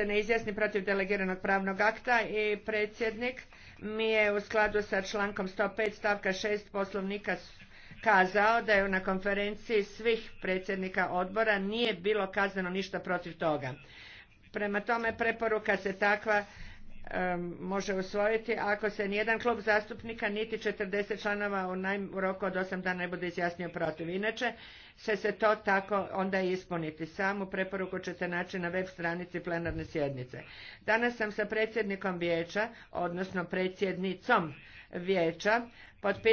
se ne izjasni protiv delegiranog pravnog akta i predsjednik mi je u skladu sa člankom 105 stavka 6 poslovnika kazao da je na konferenciji svih predsjednika odbora nije bilo kazano ništa protiv toga. Prema tome preporuka se takva može usvojiti ako se nijedan klub zastupnika niti 40 članova u, roku od 8 dana ne bude izjasnio protiv. Inače se se to tako onda ispuniti. Samu preporuku ćete naći na web stranici plenarne sjednice. Danas sam sa predsjednikom vijeća, odnosno predsjednicom vijeća, potpisala